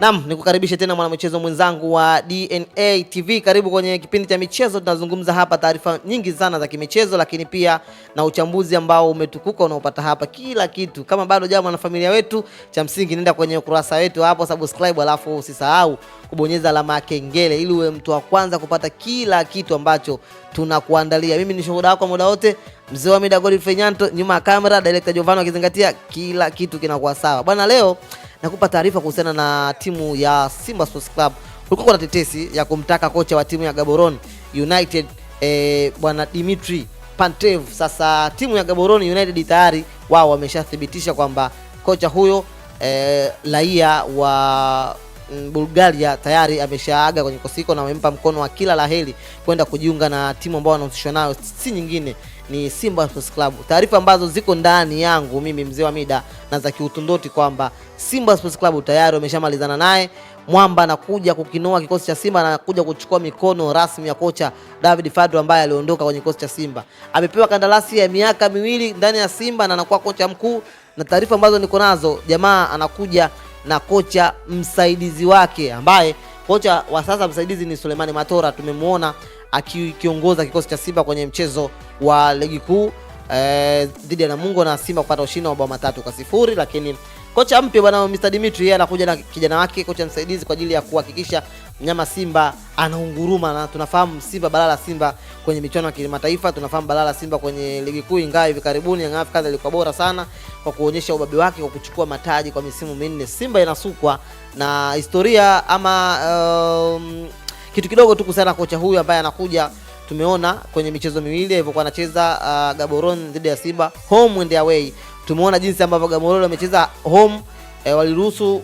Naam, nikukaribishe tena mwanamichezo mwenzangu wa DNA TV. Karibu kwenye kipindi cha michezo. Tunazungumza hapa taarifa nyingi sana za kimichezo, lakini pia na uchambuzi ambao umetukuka unaopata hapa kila kitu. Kama bado jamaa na familia wetu, cha msingi nenda kwenye ukurasa wetu hapo subscribe, alafu usisahau kubonyeza alama ya kengele ili uwe mtu wa kwanza kupata kila kitu ambacho tunakuandalia. Mimi ni shuhuda wako muda wote, mzee wa mida Godfrey Nyanto, nyuma ya kamera director Giovano akizingatia kila kitu kinakuwa sawa bwana. Leo nakupa taarifa kuhusiana na timu ya Simba Sports Club. Kulikuwa kuna tetesi ya kumtaka kocha wa timu ya Gaborone United eh, bwana Dimitri Pantev. Sasa timu ya Gaborone United tayari wao wameshathibitisha kwamba kocha huyo eh, raia wa Mm, Bulgaria tayari ameshaaga kwenye kosiko na amempa mkono wa kila laheri kwenda kujiunga na timu ambayo anahusishwa nayo si nyingine ni Simba Sports Club. Taarifa ambazo ziko ndani yangu mimi mzee wa mida na za kiutundoti kwamba Simba Sports Club tayari wameshamalizana naye mwamba anakuja kukinoa kikosi cha Simba na anakuja kuchukua mikono rasmi ya kocha David Fadlu ambaye aliondoka kwenye kikosi cha Simba. Amepewa kandarasi ya miaka miwili ndani ya Simba na anakuwa kocha mkuu, na taarifa ambazo niko nazo, jamaa anakuja na kocha msaidizi wake ambaye kocha wa sasa msaidizi ni Sulemani Matora, tumemwona akiongoza kikosi cha Simba kwenye mchezo wa ligi kuu eh, dhidi ya Namungo na Simba kupata ushindi wa mabao matatu kwa sifuri. Lakini kocha mpya bwana Mr Dimitri yeye anakuja na kijana wake kocha msaidizi kwa ajili ya kuhakikisha mnyama Simba anaunguruma, na tunafahamu Simba balala Simba kwenye michuano ya kimataifa, tunafahamu balala Simba kwenye ligi kuu, ingawa hivi karibuni Yanga Africans ilikuwa bora sana, kwa kuonyesha ubabe wake kwa kuchukua mataji kwa misimu minne. Simba inasukwa na historia ama um, kitu kidogo tu kuhusiana kocha huyu ambaye anakuja tumeona kwenye michezo miwili alivyokuwa anacheza uh, Gaborone dhidi ya Simba home and away. Tumeona jinsi ambavyo Gaborone wamecheza home eh, waliruhusu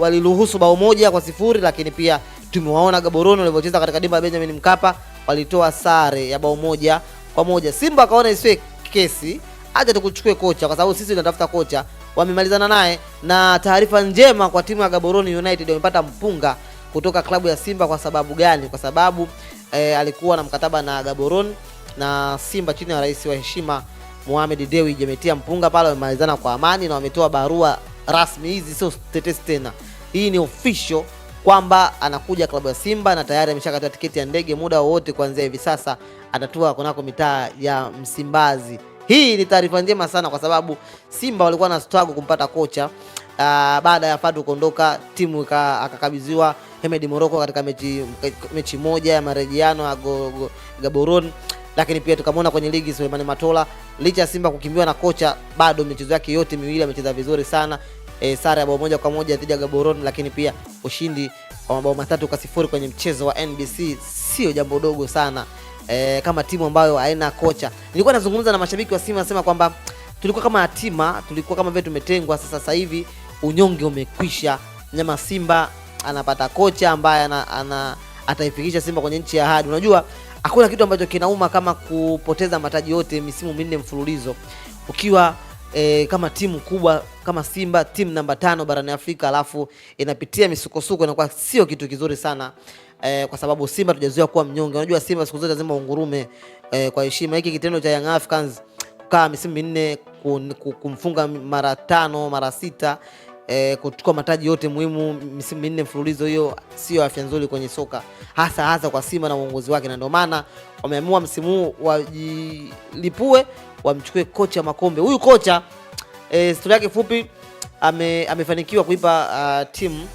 waliruhusu bao moja kwa sifuri, lakini pia tumewaona Gaborone walivyocheza katika dimba la Benjamin Mkapa walitoa sare ya bao moja kwa moja. Simba akaona isiwe kesi aje tukuchukue kocha, kwa sababu sisi tunatafuta kocha. Wamemalizana naye, na taarifa njema kwa timu ya Gaborone United, wamepata mpunga kutoka klabu ya Simba. Kwa sababu gani? Kwa sababu eh, alikuwa na mkataba na Gaborone na Simba chini ya rais wa heshima Mohamed Dewi jemetia mpunga pale, wamemalizana kwa amani na wametoa barua rasmi. Hizi sio tetesi tena, hii ni official kwamba anakuja klabu ya Simba na tayari ameshakata tiketi ya ndege, muda wowote kuanzia hivi sasa atatua kunako mitaa ya Msimbazi. Hii ni taarifa njema sana kwa sababu Simba walikuwa na struggle kumpata kocha uh, baada ya Fadu kuondoka timu akakabidhiwa Hemed Moroko katika mechi, mechi moja ya marejeano ya Gaborone, lakini pia tukamwona kwenye ligi Suleimani Matola. Licha ya Simba kukimbiwa na kocha, bado michezo yake yote miwili amecheza vizuri sana. E, sare ya bao moja kwa moja dhidi ya Gaborone, lakini pia ushindi wa mabao matatu kwa sifuri kwenye mchezo wa NBC sio jambo dogo sana eh, kama timu ambayo haina kocha. Nilikuwa nazungumza na mashabiki wa Simba nasema kwamba tulikuwa kama hatima, tulikuwa kama vile tumetengwa. Sasa sasa hivi unyonge umekwisha, nyama Simba anapata kocha ambaye ana, ana ataifikisha Simba kwenye nchi ya ahadi. Unajua hakuna kitu ambacho kinauma kama kupoteza mataji yote misimu minne mfululizo ukiwa E, kama timu kubwa kama Simba timu namba tano barani Afrika, alafu inapitia misukosuko, inakuwa sio kitu kizuri sana eh, kwa sababu Simba tujazoea kuwa mnyonge. Unajua Simba siku zote lazima ungurume eh, kwa heshima. Hiki kitendo cha Young Africans kukaa misimu minne kumfunga mara tano mara sita eh, kuchukua mataji yote muhimu misimu minne mfululizo, hiyo sio afya nzuri kwenye soka, hasa hasa kwa Simba na uongozi wake, na ndio maana wameamua msimu huu wajilipue, wamchukue kocha Makombe. Huyu kocha eh, stori yake fupi ame, amefanikiwa kuipa uh, timu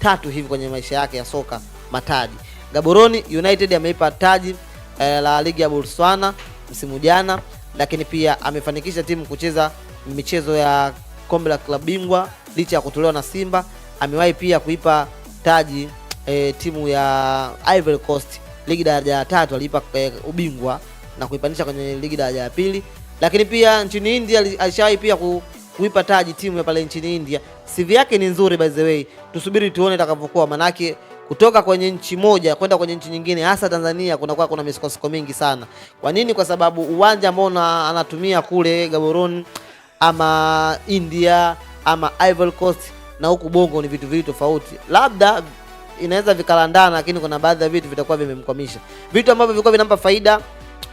tatu hivi kwenye maisha yake ya soka mataji. Gaboroni United ameipa taji eh, la ligi ya Botswana msimu jana, lakini pia amefanikisha timu kucheza michezo ya kombe la klabu bingwa licha ya kutolewa na Simba. Amewahi pia kuipa taji eh, timu ya Ivory Coast ligi daraja la tatu, aliipa eh, ubingwa na kuipandisha kwenye ligi daraja la pili. Lakini pia nchini India alishawahi pia ku, kuipa taji timu ya pale nchini India. CV yake ni nzuri by the way, tusubiri tuone itakavyokuwa manake kutoka kwenye nchi moja kwenda kwenye nchi nyingine, hasa Tanzania, kunakuwa kuna misukosuko mingi sana. Kwa nini? Kwa sababu uwanja ambao anatumia kule Gaborone ama India ama Ivory Coast na huku Bongo ni vitu vili tofauti, labda inaweza vikalandana, lakini kuna baadhi ya vitu vitakuwa vimemkwamisha, vitu ambavyo vilikuwa vinampa faida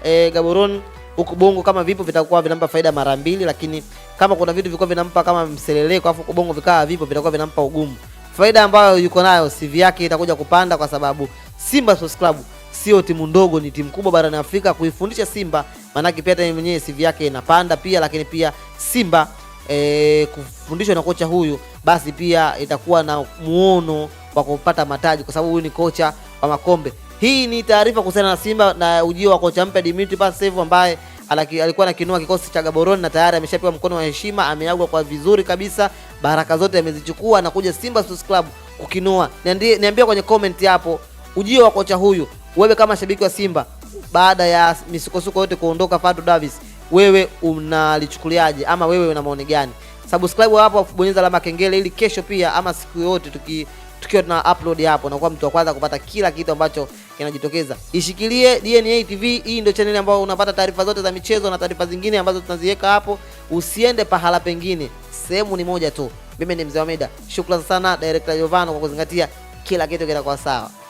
e, Gaborone huku Bongo kama vipo vitakuwa vinampa faida mara mbili, lakini kama kuna vitu vilikuwa vinampa kama mseleleko, afu huku Bongo vikawa vipo vitakuwa vinampa ugumu faida ambayo yuko nayo CV yake itakuja kupanda, kwa sababu Simba Sports Club sio timu ndogo, ni timu kubwa barani Afrika. Kuifundisha Simba maanake pia hata mwenyewe CV yake inapanda pia, lakini pia Simba e, kufundishwa na kocha huyu, basi pia itakuwa na muono wa kupata mataji, kwa sababu huyu ni kocha wa makombe. Hii ni taarifa kuhusiana na Simba na ujio wa kocha mpya Dimitri Pantev ambaye alikuwa anakinua kikosi cha Gaboroni na tayari ameshapewa mkono wa heshima, ameagwa kwa vizuri kabisa, baraka zote amezichukua, kuja Simba Sports Club kukinua. Niambie, niambia kwenye comment hapo ujio wa kocha huyu, wewe kama shabiki wa Simba baada ya misukosuko yote kuondoka, Fadu Davis, wewe unalichukuliaje ama wewe una maoni gani? Subscribe hapo, bonyeza alama kengele ili kesho pia ama siku yote tuki tukiwa tuna upload hapo, nakuwa mtu wa kwanza kupata kila kitu ambacho kinajitokeza Ishikilie DNA TV, hii ndio channel ambayo unapata taarifa zote za michezo na taarifa zingine ambazo tunaziweka hapo. Usiende pahala pengine, sehemu ni moja tu. Mimi ni Mzee Hamida, shukrani sana Director Jovano kwa kuzingatia kila kitu kinakuwa sawa.